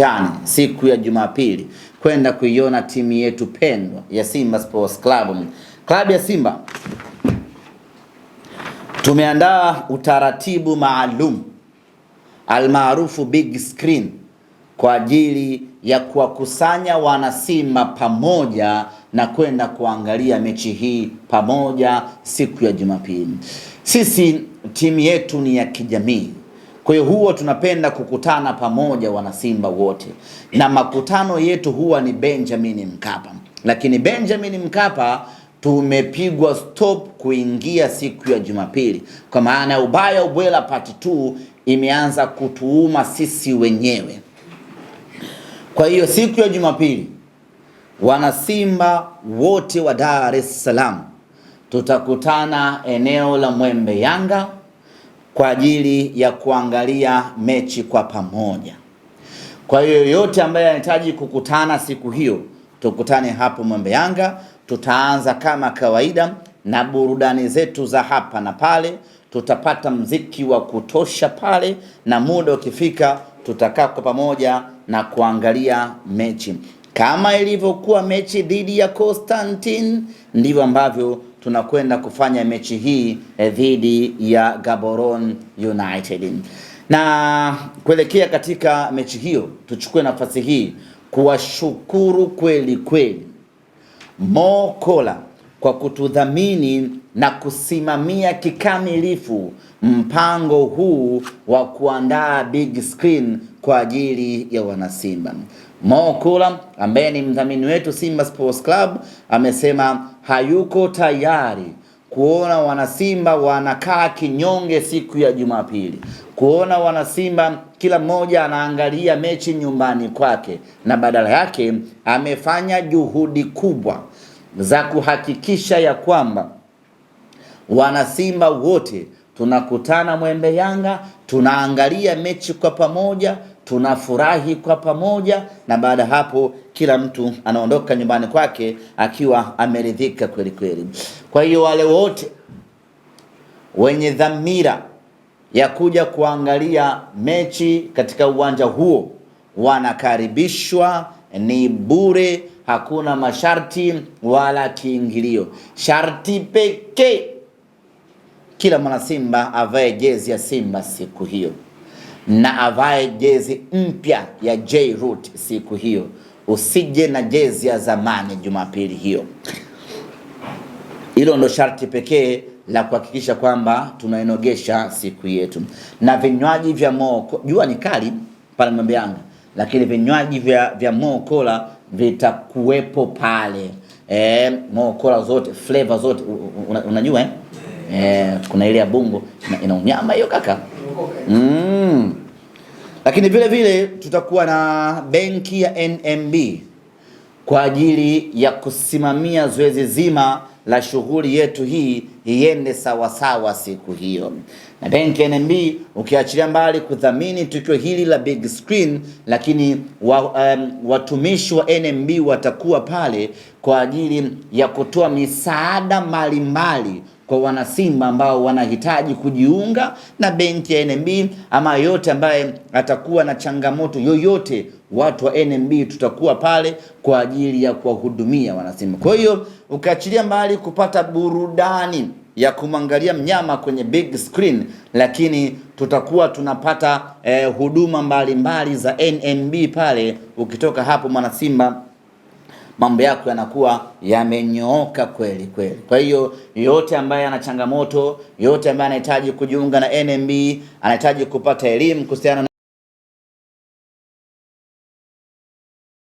Jana yaani, siku ya Jumapili kwenda kuiona timu yetu pendwa ya Simba Sports Club. Klabu ya Simba tumeandaa utaratibu maalum almaarufu big screen kwa ajili ya kuwakusanya wanasimba pamoja na kwenda kuangalia mechi hii pamoja siku ya Jumapili. Sisi timu yetu ni ya kijamii kwa hiyo huwa tunapenda kukutana pamoja wanasimba wote, na makutano yetu huwa ni Benjamin Mkapa, lakini Benjamin Mkapa tumepigwa stop kuingia siku ya Jumapili, kwa maana ya ubaya ubwela part 2 imeanza kutuuma sisi wenyewe. Kwa hiyo siku ya Jumapili wanasimba wote wa Dar es Salaam tutakutana eneo la Mwembe Yanga kwa ajili ya kuangalia mechi kwa pamoja. Kwa hiyo yoyote ambaye anahitaji kukutana siku hiyo, tukutane hapo Mwembe Yanga. Tutaanza kama kawaida na burudani zetu za hapa na pale, tutapata mziki wa kutosha pale, na muda ukifika tutakaa kwa pamoja na kuangalia mechi kama ilivyokuwa mechi dhidi ya Constantine, ndivyo ambavyo tunakwenda kufanya mechi hii eh, dhidi ya Gaborone United. Na kuelekea katika mechi hiyo, tuchukue nafasi hii kuwashukuru kweli kweli Mo Kola kwa kutudhamini na kusimamia kikamilifu mpango huu wa kuandaa big screen kwa ajili ya wanasimba. Mo Kola ambaye ni mdhamini wetu Simba Sports Club amesema hayuko tayari kuona wanasimba wanakaa kinyonge siku ya Jumapili, kuona wanasimba kila mmoja anaangalia mechi nyumbani kwake, na badala yake amefanya juhudi kubwa za kuhakikisha ya kwamba wanasimba wote tunakutana Mwembe Yanga, tunaangalia mechi kwa pamoja tunafurahi kwa pamoja, na baada ya hapo kila mtu anaondoka nyumbani kwake akiwa ameridhika kweli kweli. Kwa hiyo wale wote wenye dhamira ya kuja kuangalia mechi katika uwanja huo wanakaribishwa, ni bure, hakuna masharti wala kiingilio. Sharti pekee kila mwana Simba avae jezi ya Simba siku hiyo na avae jezi mpya ya J-Root siku hiyo, usije na jezi ya zamani Jumapili hiyo. Hilo ndo sharti pekee la kuhakikisha kwamba tunainogesha siku yetu. Na vinywaji vya moko, jua ni kali pale ng'ombe yangu, lakini vinywaji vya, vya mokola vitakuwepo pale e, mokola zote flavor zote una, unajua eh? E, kuna ile ya bungo ina unyama hiyo kaka mm. Lakini vile vile tutakuwa na benki ya NMB kwa ajili ya kusimamia zoezi zima la shughuli yetu hii iende sawasawa siku hiyo. Na benki NMB ukiachilia mbali kudhamini tukio hili la big screen, lakini wa, um, watumishi wa NMB watakuwa pale kwa ajili ya kutoa misaada mbalimbali kwa wanasimba ambao wanahitaji kujiunga na benki ya NMB ama yote ambaye atakuwa na changamoto yoyote, watu wa NMB tutakuwa pale kwa ajili ya kuwahudumia wanasimba. Kwa hiyo ukiachilia mbali kupata burudani ya kumwangalia mnyama kwenye big screen, lakini tutakuwa tunapata eh, huduma mbalimbali mbali za NMB pale. Ukitoka hapo mwana Simba, mambo yako yanakuwa yamenyooka kweli kweli. Kwa hiyo yote ambaye ana changamoto yote ambaye anahitaji kujiunga na NMB, anahitaji kupata elimu kuhusiana